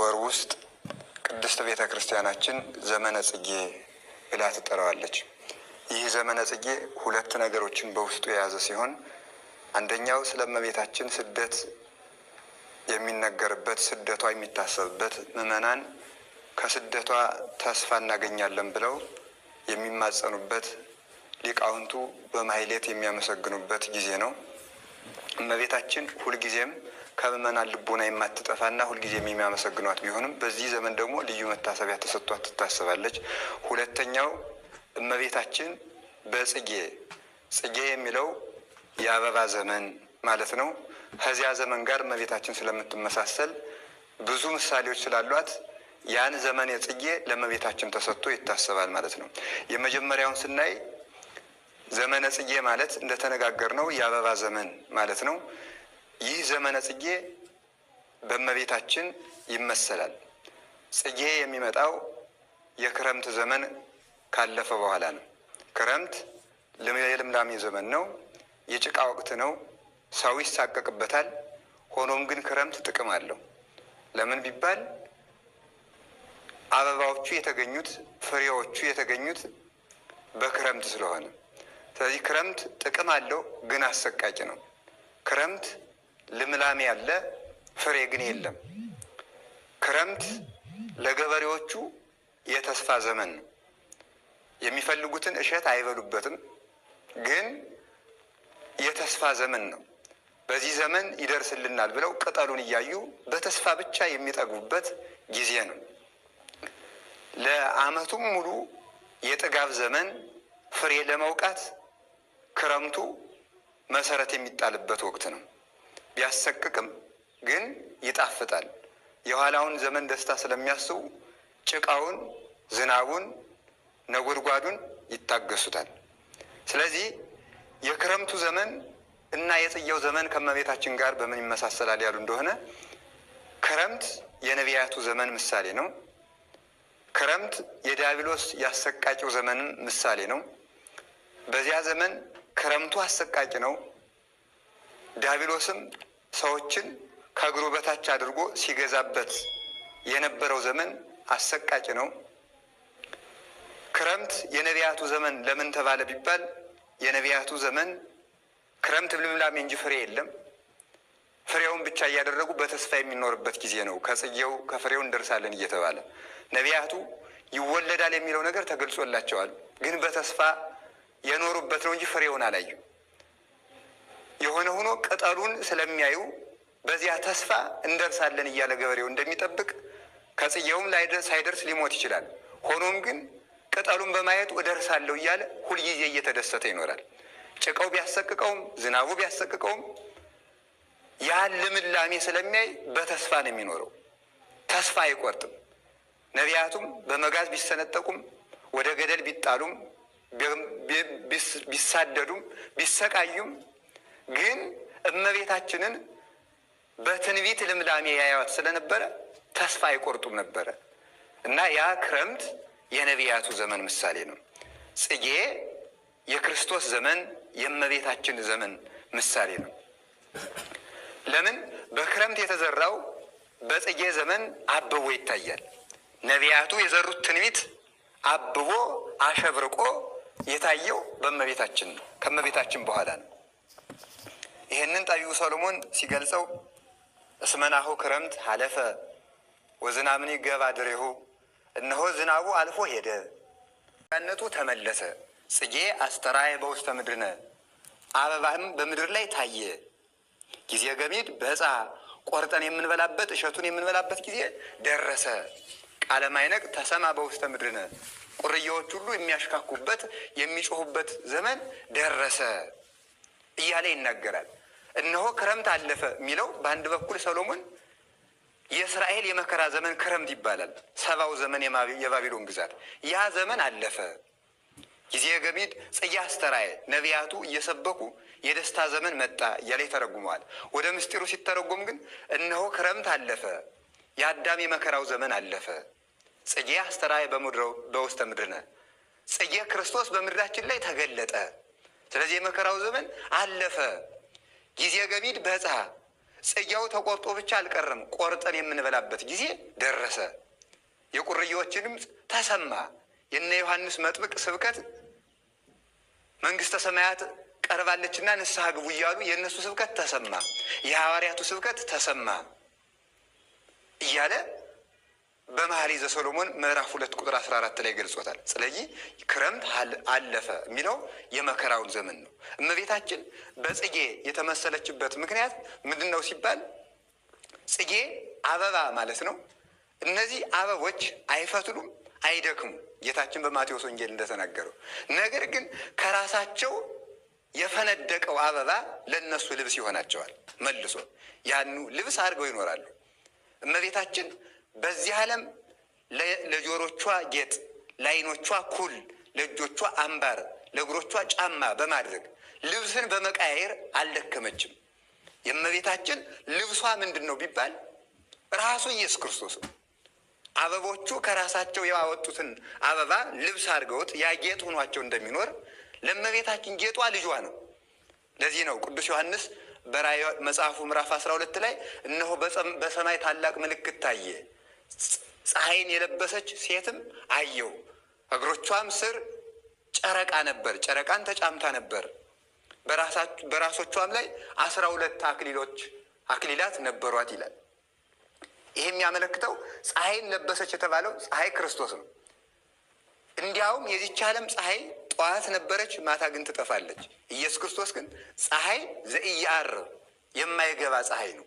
ወር ውስጥ ቅድስት ቤተ ክርስቲያናችን ዘመነ ጽጌ ብላ ትጠራዋለች። ይህ ዘመነ ጽጌ ሁለት ነገሮችን በውስጡ የያዘ ሲሆን አንደኛው ስለ እመቤታችን ስደት የሚነገርበት ስደቷ የሚታሰብበት ምእመናን ከስደቷ ተስፋ እናገኛለን ብለው የሚማጸኑበት ሊቃውንቱ በማሕሌት የሚያመሰግኑበት ጊዜ ነው። እመቤታችን ሁልጊዜም ከምእመናን ልቦና የማትጠፋና ሁልጊዜ የሚያመሰግኗት ቢሆንም በዚህ ዘመን ደግሞ ልዩ መታሰቢያ ተሰጥቷት ትታሰባለች። ሁለተኛው እመቤታችን በጽጌ ጽጌ የሚለው የአበባ ዘመን ማለት ነው። ከዚያ ዘመን ጋር እመቤታችን ስለምትመሳሰል ብዙ ምሳሌዎች ስላሏት ያን ዘመን የጽጌ ለእመቤታችን ተሰጥቶ ይታሰባል ማለት ነው። የመጀመሪያውን ስናይ ዘመነ ጽጌ ማለት እንደተነጋገር ነው የአበባ ዘመን ማለት ነው። ይህ ዘመነ ጽጌ በእመቤታችን ይመሰላል። ጽጌ የሚመጣው የክረምት ዘመን ካለፈ በኋላ ነው። ክረምት የልምላሜ ዘመን ነው። የጭቃ ወቅት ነው። ሰው ይሳቀቅበታል። ሆኖም ግን ክረምት ጥቅም አለው። ለምን ቢባል አበባዎቹ የተገኙት ፍሬዎቹ የተገኙት በክረምት ስለሆነ፣ ስለዚህ ክረምት ጥቅም አለው፣ ግን አሰቃቂ ነው ክረምት ልምላሜ ያለ ፍሬ ግን የለም። ክረምት ለገበሬዎቹ የተስፋ ዘመን ነው። የሚፈልጉትን እሸት አይበሉበትም፣ ግን የተስፋ ዘመን ነው። በዚህ ዘመን ይደርስልናል ብለው ቅጠሉን እያዩ በተስፋ ብቻ የሚጠግቡበት ጊዜ ነው። ለዓመቱም ሙሉ የጥጋብ ዘመን ፍሬ ለመውቃት ክረምቱ መሰረት የሚጣልበት ወቅት ነው። ቢያሰቅቅም ግን ይጣፍጣል። የኋላውን ዘመን ደስታ ስለሚያስቡ ጭቃውን፣ ዝናቡን፣ ነጎድጓዱን ይታገሱታል። ስለዚህ የክረምቱ ዘመን እና የጽያው ዘመን ከመቤታችን ጋር በምን ይመሳሰላል ያሉ እንደሆነ ክረምት የነቢያቱ ዘመን ምሳሌ ነው። ክረምት የዲያብሎስ ያሰቃቂው ዘመንም ምሳሌ ነው። በዚያ ዘመን ክረምቱ አሰቃቂ ነው። ዲያብሎስም ሰዎችን ከእግሩ በታች አድርጎ ሲገዛበት የነበረው ዘመን አሰቃቂ ነው። ክረምት የነቢያቱ ዘመን ለምን ተባለ ቢባል የነቢያቱ ዘመን ክረምት ልምላሜ እንጂ ፍሬ የለም። ፍሬውን ብቻ እያደረጉ በተስፋ የሚኖርበት ጊዜ ነው። ከጽጌው ከፍሬው እንደርሳለን እየተባለ ነቢያቱ ይወለዳል የሚለው ነገር ተገልጾላቸዋል። ግን በተስፋ የኖሩበት ነው እንጂ ፍሬውን አላዩ። የሆነ ሆኖ ቅጠሉን ስለሚያዩ በዚያ ተስፋ እንደርሳለን እያለ ገበሬው እንደሚጠብቅ ከጽየውም ሳይደርስ ሊሞት ይችላል። ሆኖም ግን ቅጠሉን በማየት እደርሳለሁ እያለ ሁልጊዜ እየተደሰተ ይኖራል። ጭቃው ቢያሰቅቀውም ዝናቡ ቢያሰቅቀውም ያን ልምላሜ ስለሚያይ በተስፋ ነው የሚኖረው። ተስፋ አይቆርጥም። ነቢያቱም በመጋዝ ቢሰነጠቁም ወደ ገደል ቢጣሉም ቢሳደዱም ቢሰቃዩም ግን እመቤታችንን በትንቢት ልምላሜ ያያት ስለነበረ ተስፋ አይቆርጡም ነበረ እና ያ ክረምት የነቢያቱ ዘመን ምሳሌ ነው። ጽጌ የክርስቶስ ዘመን የእመቤታችን ዘመን ምሳሌ ነው። ለምን? በክረምት የተዘራው በጽጌ ዘመን አብቦ ይታያል። ነቢያቱ የዘሩት ትንቢት አብቦ አሸብርቆ የታየው በእመቤታችን ነው፣ ከእመቤታችን በኋላ ነው። ይህንን ጠቢቡ ሰሎሞን ሲገልጸው እስመናሁ ክረምት አለፈ ወዝናምን ይገባ ድሬሁ እነሆ ዝናቡ አልፎ ሄደ ነቱ ተመለሰ ጽጌ አስተራየ በውስተ ምድርነ አበባህም በምድር ላይ ታየ ጊዜ ገሚድ በፃ ቆርጠን የምንበላበት እሸቱን የምንበላበት ጊዜ ደረሰ ቃለ ተሰማ በውስተ ምድርነ ቁርያዎች ሁሉ የሚያሽካኩበት የሚጮሁበት ዘመን ደረሰ እያለ ይናገራል። እነሆ ክረምት አለፈ የሚለው በአንድ በኩል ሰሎሞን የእስራኤል የመከራ ዘመን ክረምት ይባላል። ሰባው ዘመን የባቢሎን ግዛት ያ ዘመን አለፈ። ጊዜ ጽያ አስተራየ ነቢያቱ እየሰበኩ የደስታ ዘመን መጣ እያለ ይተረጉመዋል። ወደ ምስጢሩ ሲተረጉም ግን እነሆ ክረምት አለፈ፣ የአዳም የመከራው ዘመን አለፈ። ጽጌ አስተራየ በምድረው በውስተ ምድርነ ጽጌ ክርስቶስ በምድራችን ላይ ተገለጠ። ስለዚህ የመከራው ዘመን አለፈ። ጊዜ ገቢድ በጽሐ ጽጌው ተቆርጦ ብቻ አልቀረም፣ ቆርጠን የምንበላበት ጊዜ ደረሰ። የቁርዬዎች ድምፅ ተሰማ። የነ ዮሐንስ መጥምቅ ስብከት መንግስተ ሰማያት ቀርባለችና ንስሐ ግቡ እያሉ የእነሱ ስብከት ተሰማ። የሐዋርያቱ ስብከት ተሰማ እያለ በመኃልየ ዘሰሎሞን ምዕራፍ ሁለት ቁጥር አስራ አራት ላይ ገልጾታል። ስለዚህ ክረምት አለፈ የሚለው የመከራውን ዘመን ነው። እመቤታችን በጽጌ የተመሰለችበት ምክንያት ምንድን ነው ሲባል ጽጌ አበባ ማለት ነው። እነዚህ አበቦች አይፈትሉም፣ አይደክሙም ጌታችን በማቴዎስ ወንጌል እንደተናገረው። ነገር ግን ከራሳቸው የፈነደቀው አበባ ለእነሱ ልብስ ይሆናቸዋል። መልሶ ያኑ ልብስ አድርገው ይኖራሉ። እመቤታችን በዚህ ዓለም ለጆሮቿ ጌጥ፣ ለአይኖቿ ኩል፣ ለእጆቿ አምባር፣ ለእግሮቿ ጫማ በማድረግ ልብስን በመቃየር አልደከመችም። የእመቤታችን ልብሷ ምንድን ነው ቢባል ራሱ ኢየሱስ ክርስቶስ ነው። አበቦቹ ከራሳቸው ያወጡትን አበባ ልብስ አድርገውት ያጌጥ ሆኗቸው እንደሚኖር ለእመቤታችን ጌጧ ልጇ ነው። ለዚህ ነው ቅዱስ ዮሐንስ በራእይ መጽሐፉ ምዕራፍ 12 ላይ እነሆ በሰማይ ታላቅ ምልክት ታየ ፀሐይን የለበሰች ሴትም አየሁ። እግሮቿም ስር ጨረቃ ነበር፣ ጨረቃን ተጫምታ ነበር። በራሶቿም ላይ አስራ ሁለት አክሊሎች አክሊላት ነበሯት ይላል። ይህ የሚያመለክተው ፀሐይን ለበሰች የተባለው ፀሐይ ክርስቶስ ነው። እንዲያውም የዚች ዓለም ፀሐይ ጠዋት ነበረች፣ ማታ ግን ትጠፋለች። ኢየሱስ ክርስቶስ ግን ፀሐይ ዘኢየዐርብ የማይገባ ፀሐይ ነው።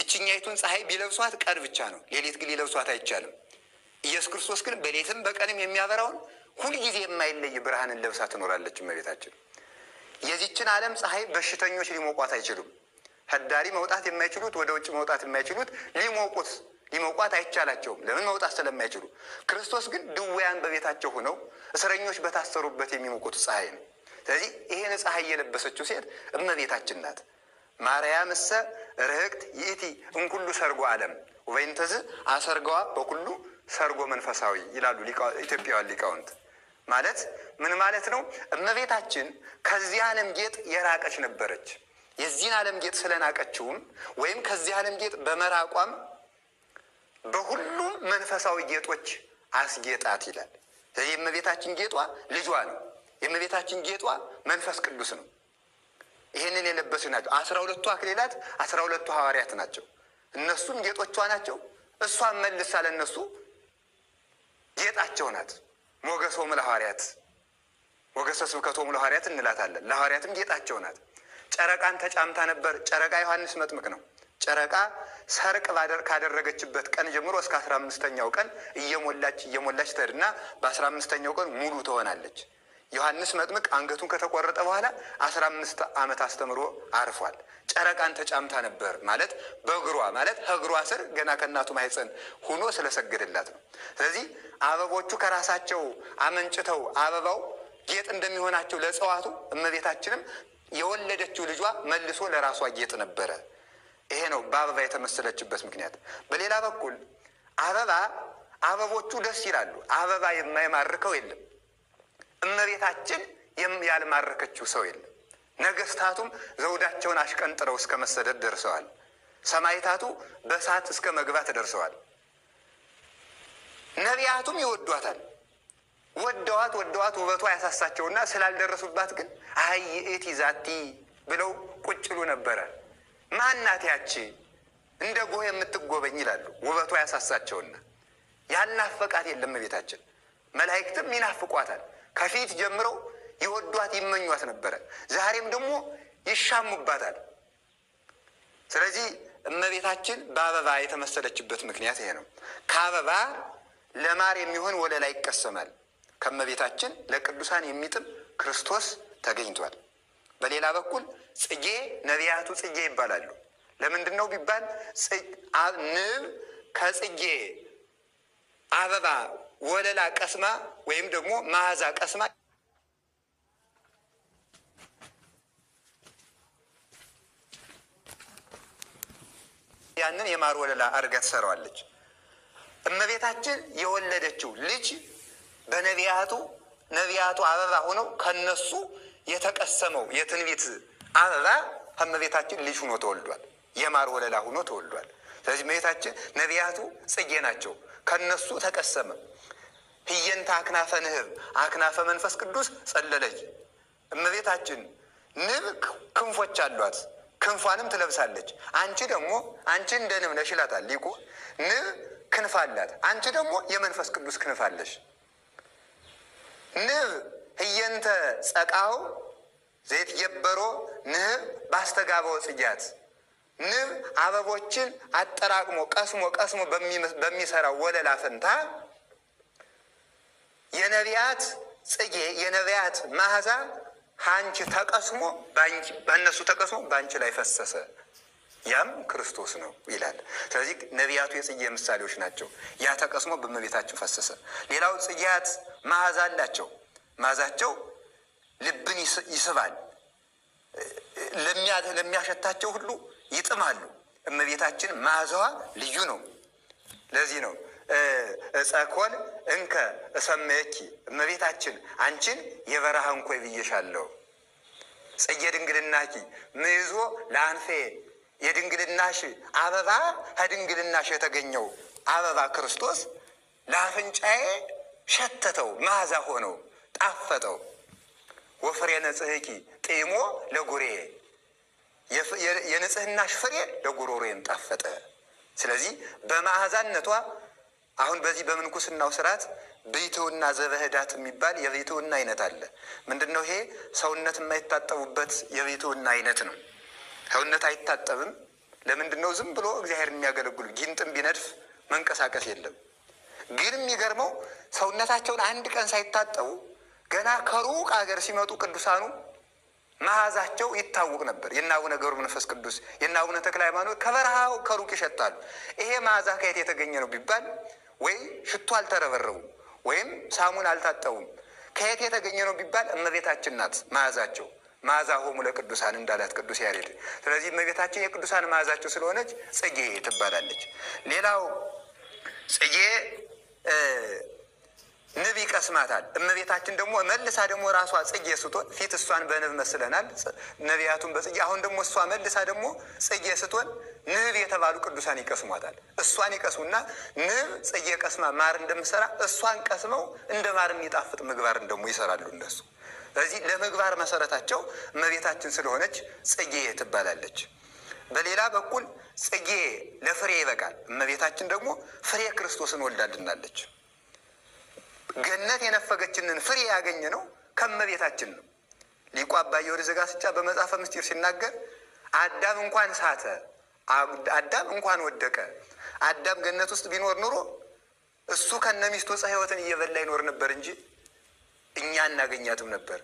ይችኛይቱን ፀሐይ ቢለብሷት ቀን ብቻ ነው፣ ሌሊት ግን ሊለብሷት አይቻልም። ኢየሱስ ክርስቶስ ግን በሌትም በቀንም የሚያበራውን ሁልጊዜ የማይለይ ብርሃንን ለብሳ ትኖራለች እመቤታችን። የዚችን ዓለም ፀሐይ በሽተኞች ሊሞቋት አይችሉም። ህዳሪ መውጣት የማይችሉት ወደ ውጭ መውጣት የማይችሉት ሊሞቁት ሊሞቋት አይቻላቸውም። ለምን መውጣት ስለማይችሉ። ክርስቶስ ግን ድውያን በቤታቸው ሆነው እስረኞች በታሰሩበት የሚሞቁት ፀሐይ ነው። ስለዚህ ይህን ፀሐይ የለበሰችው ሴት እመቤታችን ናት። ማርያም እሰ ርህቅት ይእቲ እንኩሉ ሰርጎ ዓለም ወይንተዝ አሰርገዋ በኩሉ ሰርጎ መንፈሳዊ ይላሉ ኢትዮጵያውያን ሊቃውንት። ማለት ምን ማለት ነው? እመቤታችን ከዚህ ዓለም ጌጥ የራቀች ነበረች። የዚህን ዓለም ጌጥ ስለናቀችውም ወይም ከዚህ ዓለም ጌጥ በመራቋም በሁሉም መንፈሳዊ ጌጦች አስጌጣት ይላል። ስለዚህ የእመቤታችን ጌጧ ልጇ ነው። የእመቤታችን ጌጧ መንፈስ ቅዱስ ነው። ይህንን የለበሱ ናቸው። አስራ ሁለቱ አክሊላት አስራ ሁለቱ ሐዋርያት ናቸው። እነሱም ጌጦቿ ናቸው። እሷን መልሳ ለእነሱ ጌጣቸው ናት። ሞገሶም ለሐዋርያት ሞገሰ ስብከቶም ለሐዋርያት እንላታለን። ለሐዋርያትም ጌጣቸው ናት። ጨረቃን ተጫምታ ነበር። ጨረቃ ዮሐንስ መጥምቅ ነው። ጨረቃ ሰርቅ ካደረገችበት ቀን ጀምሮ እስከ አስራ አምስተኛው ቀን እየሞላች እየሞላች ተድና በአስራ አምስተኛው ቀን ሙሉ ትሆናለች። ዮሐንስ መጥምቅ አንገቱን ከተቆረጠ በኋላ አስራ አምስት ዓመት አስተምሮ አርፏል። ጨረቃን ተጫምታ ነበር ማለት በእግሯ ማለት እግሯ ስር ገና ከእናቱ ማህፀን ሆኖ ስለሰገደላት ነው። ስለዚህ አበቦቹ ከራሳቸው አመንጭተው አበባው ጌጥ እንደሚሆናቸው ለእጽዋቱ እመቤታችንም የወለደችው ልጇ መልሶ ለራሷ ጌጥ ነበረ። ይሄ ነው በአበባ የተመሰለችበት ምክንያት። በሌላ በኩል አበባ አበቦቹ ደስ ይላሉ። አበባ የማይማርከው የለም። እመቤታችን ያልማረከችው ሰው የለም። ነገስታቱም ዘውዳቸውን አሽቀንጥረው እስከ መሰደድ ደርሰዋል። ሰማይታቱ በእሳት እስከ መግባት ደርሰዋል። ነቢያቱም ይወዷታል። ወደዋት ወደዋት ውበቷ ያሳሳቸውና ስላልደረሱባት ግን አህይእቲ ዛቲ ብለው ቁጭሉ ነበረ። ማናት ያቺ እንደ ጎህ የምትጎበኝ ይላሉ። ውበቷ ያሳሳቸውና ያልናፈቃት የለም ቤታችን። መላእክትም ይናፍቋታል። ከፊት ጀምረው ይወዷት ይመኟት ነበረ። ዛሬም ደግሞ ይሻሙባታል። ስለዚህ እመቤታችን በአበባ የተመሰለችበት ምክንያት ይሄ ነው። ከአበባ ለማር የሚሆን ወለላ ይቀሰማል። ከእመቤታችን ለቅዱሳን የሚጥም ክርስቶስ ተገኝቷል። በሌላ በኩል ጽጌ ነቢያቱ ጽጌ ይባላሉ። ለምንድን ነው ቢባል ንብ ከጽጌ አበባ ወለላ ቀስማ ወይም ደግሞ መዓዛ ቀስማ ያንን የማር ወለላ አድርጋ ትሰራዋለች። እመቤታችን የወለደችው ልጅ በነቢያቱ ነቢያቱ አበባ ሆነው ከነሱ የተቀሰመው የትንቢት አበባ ከእመቤታችን ልጅ ሆኖ ተወልዷል። የማር ወለላ ሆኖ ተወልዷል። ስለዚህ እመቤታችን ነቢያቱ ጽጌ ናቸው። ከነሱ ተቀሰመ ህየንተ አክናፈ ንህብ አክናፈ መንፈስ ቅዱስ ጸለለች። እመቤታችን ንብ ክንፎች አሏት፣ ክንፏንም ትለብሳለች። አንቺ ደግሞ አንቺ እንደ ንብ ነሽ ይላታል ሊቁ። ንብ ክንፍ አላት፣ አንቺ ደግሞ የመንፈስ ቅዱስ ክንፍ አለሽ። ንብ ህየንተ ጸቃው ዘይት የበሮ ንህብ ባስተጋበው ጽጌያት አበቦችን አጠራቅሞ ቀስሞ ቀስሞ በሚሰራው ወለላ ፈንታ የነቢያት ጽጌ የነቢያት መዓዛ አንቺ ተቀስሞ በእነሱ ተቀስሞ በአንቺ ላይ ፈሰሰ፣ ያም ክርስቶስ ነው ይላል። ስለዚህ ነቢያቱ የጽጌ ምሳሌዎች ናቸው። ያ ተቀስሞ በእመቤታችን ፈሰሰ። ሌላው ጽጌያት መዓዛ አላቸው። ማዛቸው ልብን ይስባል። ለሚያሸታቸው ሁሉ ይጥማሉ። እመቤታችን መዓዛዋ ልዩ ነው። ለዚህ ነው እጸኮን እንከ እሰመየኪ እመቤታችን አንቺን የበረሃ እንኮይ ብዬሻለሁ። ጽጌ ድንግልናኪ ምይዞ ለአንፌ የድንግልናሽ አበባ ከድንግልናሽ የተገኘው አበባ ክርስቶስ ለአፍንጫዬ ሸተተው መዓዛ ሆነው ጣፈጠው። ወፍሬ ነጽህኪ ጢሞ ለጉሬ የንጽህናሽ ፍሬ ለጉሮሮዬም ጣፈጠ። ስለዚህ በመዓዛነቷ አሁን በዚህ በምንኩስናው ስርዓት ቤትውና ዘበህዳት የሚባል የቤትውና አይነት አለ። ምንድን ነው ይሄ? ሰውነት የማይታጠቡበት የቤትውና አይነት ነው። ሰውነት አይታጠብም። ለምንድን ነው? ዝም ብሎ እግዚአብሔር የሚያገለግሉ ጊንጥም ቢነድፍ መንቀሳቀስ የለም። ግን የሚገርመው ሰውነታቸውን አንድ ቀን ሳይታጠቡ ገና ከሩቅ ሀገር ሲመጡ ቅዱሳኑ መዓዛቸው ይታወቅ ነበር። የናቡነ ገብረ መንፈስ ቅዱስ የናቡነ ተክለ ሃይማኖት ከበረሃው ከሩቅ ይሸጣሉ። ይሄ መዓዛ ከየት የተገኘ ነው ቢባል ወይ ሽቶ አልተረበረቡም ወይም ሳሙን አልታጠቡም። ከየት የተገኘ ነው ቢባል እመቤታችን ናት መዓዛቸው። መዓዛ ሆሙ ለቅዱሳን እንዳላት ቅዱስ ያሬድ። ስለዚህ እመቤታችን የቅዱሳን መዓዛቸው ስለሆነች ጽጌ ትባላለች። ሌላው ጽጌ ንብ ይቀስማታል። እመቤታችን ደግሞ መልሳ ደግሞ ራሷ ጽጌ ስትሆን ፊት እሷን በንብ መስለናል፣ ነቢያቱን በጽጌ አሁን ደግሞ እሷ መልሳ ደግሞ ጽጌ ስትሆን ንብ የተባሉ ቅዱሳን ይቀስሟታል። እሷን ይቀስሙና ንብ ጽጌ ቀስማ ማር እንደምሰራ እሷን ቀስመው እንደ ማር የሚጣፍጥ ምግባርን ደግሞ ይሰራሉ እነሱ። በዚህ ለምግባር መሰረታቸው እመቤታችን ስለሆነች ጽጌ ትባላለች። በሌላ በኩል ጽጌ ለፍሬ ይበቃል። እመቤታችን ደግሞ ፍሬ ክርስቶስን ወልዳልናለች። ገነት የነፈገችንን ፍሬ ያገኘ ነው ከመቤታችን ነው። ሊቁ አባ ጊዮርጊስ ዘጋስጫ በመጽሐፈ ምስጢር ሲናገር አዳም እንኳን ሳተ፣ አዳም እንኳን ወደቀ። አዳም ገነት ውስጥ ቢኖር ኑሮ እሱ ከነ ሚስቱ ዕፀ ሕይወትን እየበላ ይኖር ነበር እንጂ እኛ እናገኛትም ነበር።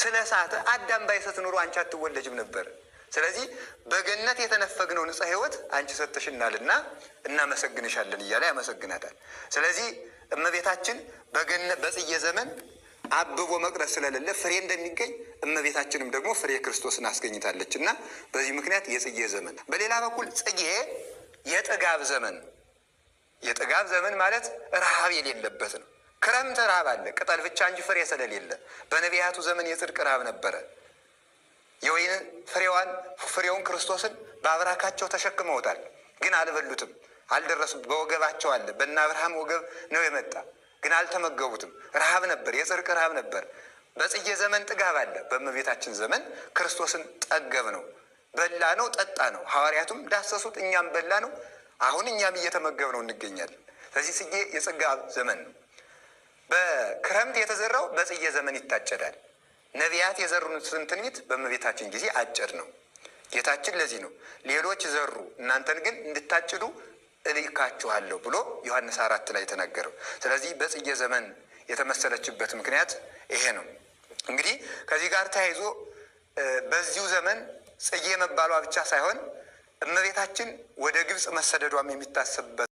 ስለ ሳተ አዳም ባይሰት ኑሮ አንቺ አትወለጅም ነበር። ስለዚህ በገነት የተነፈግነው ንጽሕ ሕይወት አንቺ ሰጥተሽናልና እናመሰግንሻለን እያለ ያመሰግናታል። ስለዚህ እመቤታችን በጽየ ዘመን አብቦ መቅረት ስለሌለ ፍሬ እንደሚገኝ እመቤታችንም ደግሞ ፍሬ ክርስቶስን አስገኝታለች እና በዚህ ምክንያት የጽጌ ዘመን። በሌላ በኩል ጽጌ የጥጋብ ዘመን፣ የጥጋብ ዘመን ማለት ረሃብ የሌለበት ነው። ክረምት ረሃብ አለ፣ ቅጠል ብቻ እንጂ ፍሬ ስለሌለ። በነቢያቱ ዘመን የጽድቅ ረሃብ ነበረ። የወይን ፍሬዋን ፍሬውን ክርስቶስን በአብራካቸው ተሸክመውታል፣ ግን አልበሉትም። አልደረሱም። በወገባቸው አለ። በእነ አብርሃም ወገብ ነው የመጣ ግን አልተመገቡትም። ረሃብ ነበር፣ የጽርቅ ረሃብ ነበር። በጽጌ ዘመን ጥጋብ አለ። በእመቤታችን ዘመን ክርስቶስን ጠገብ ነው፣ በላ ነው፣ ጠጣ ነው። ሐዋርያቱም ዳሰሱት፣ እኛም በላ ነው። አሁን እኛም እየተመገብ ነው እንገኛለን። ስለዚህ ጽጌ የጽጋብ ዘመን ነው። በክረምት የተዘራው በጽጌ ዘመን ይታጨዳል። ነቢያት የዘሩትን ትንቢት በእመቤታችን ጊዜ አጭር ነው። ጌታችን ለዚህ ነው ሌሎች ዘሩ እናንተን ግን እንድታጭዱ እልካችኋለሁ ብሎ ዮሐንስ አራት ላይ የተነገረው። ስለዚህ በጽጌ ዘመን የተመሰለችበት ምክንያት ይሄ ነው። እንግዲህ ከዚህ ጋር ተያይዞ በዚሁ ዘመን ጽጌ መባሏ ብቻ ሳይሆን እመቤታችን ወደ ግብፅ መሰደዷም የሚታሰብበት